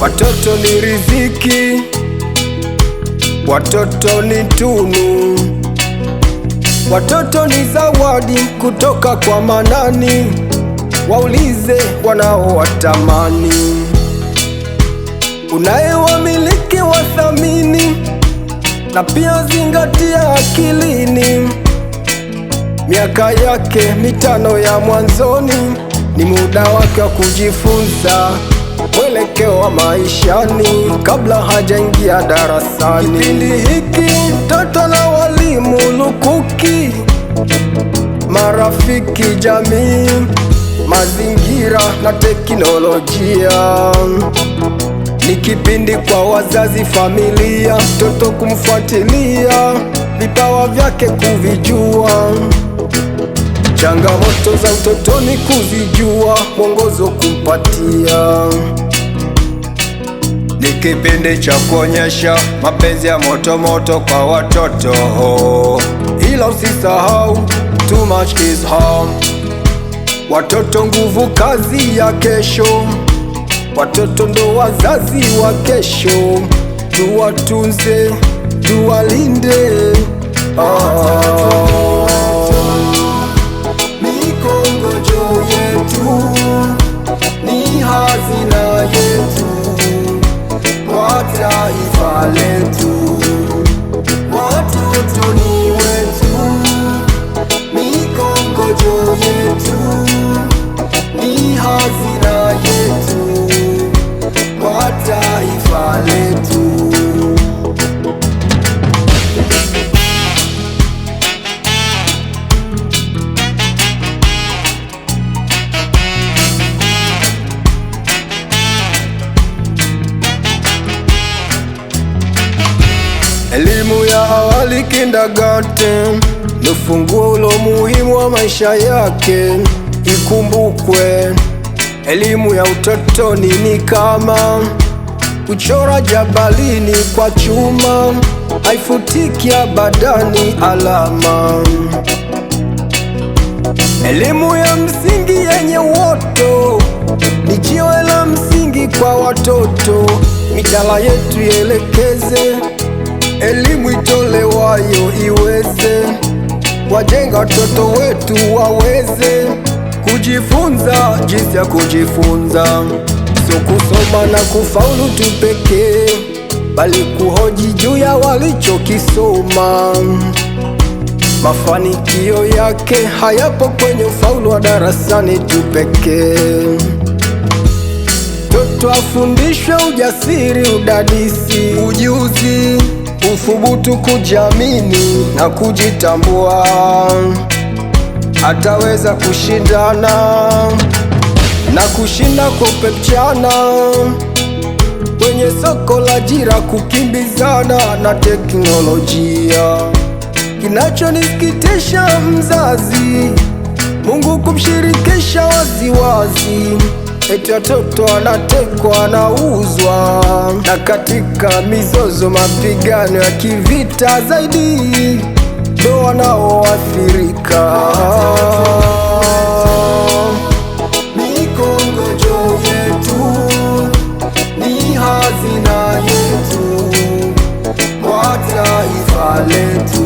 Watoto ni riziki, watoto ni tunu, watoto ni zawadi kutoka kwa Manani. Waulize wanaowatamani. Unayewamiliki wathamini, na pia zingatia akilini. Miaka yake mitano ya mwanzoni ni muda wake wa kujifunza mwelekeo wa maishani kabla hajaingia darasani. Kipindi hiki mtoto na walimu lukuki, marafiki, jamii, mazingira na teknolojia ni kipindi kwa wazazi, familia, mtoto kumfuatilia vipawa vyake kuvijua, changamoto za utotoni kuzijua, mwongozo kumpatia kipindi cha kuonyesha mapenzi ya moto moto kwa watoto, ila usisahau too much is home. Watoto nguvu kazi ya kesho, watoto ndo wazazi wa kesho, tuwatunze tuwalinde. Elimu ya awali kindergarten ni ufunguo ulo muhimu wa maisha yake. Ikumbukwe, elimu ya utotoni ni kama kuchora jabalini kwa chuma, haifutikia badani alama. Elimu ya msingi yenye uoto ni jiwe la msingi kwa watoto, mitaala yetu ielekeze elimu itolewayo iweze wajenga watoto wetu waweze kujifunza jinsi ya kujifunza, sio kusoma na kufaulu tu pekee, bali kuhoji juu ya walichokisoma. Mafanikio yake hayapo kwenye ufaulu wa darasani tu pekee. Mtoto afundishwe ujasiri, udadisi, ujuzi uthubutu kujiamini na kujitambua, ataweza kushindana na kushinda kupepchana kwenye soko la ajira, kukimbizana na teknolojia. Kinachonisikitisha mzazi Mungu kumshirikisha waziwazi wazi eti watoto wanatekwa, wanauzwa, na katika mizozo, mapigano ya kivita zaidi ndo wanaoathirika. Mikongojo yetu ni hazina yetu, letu.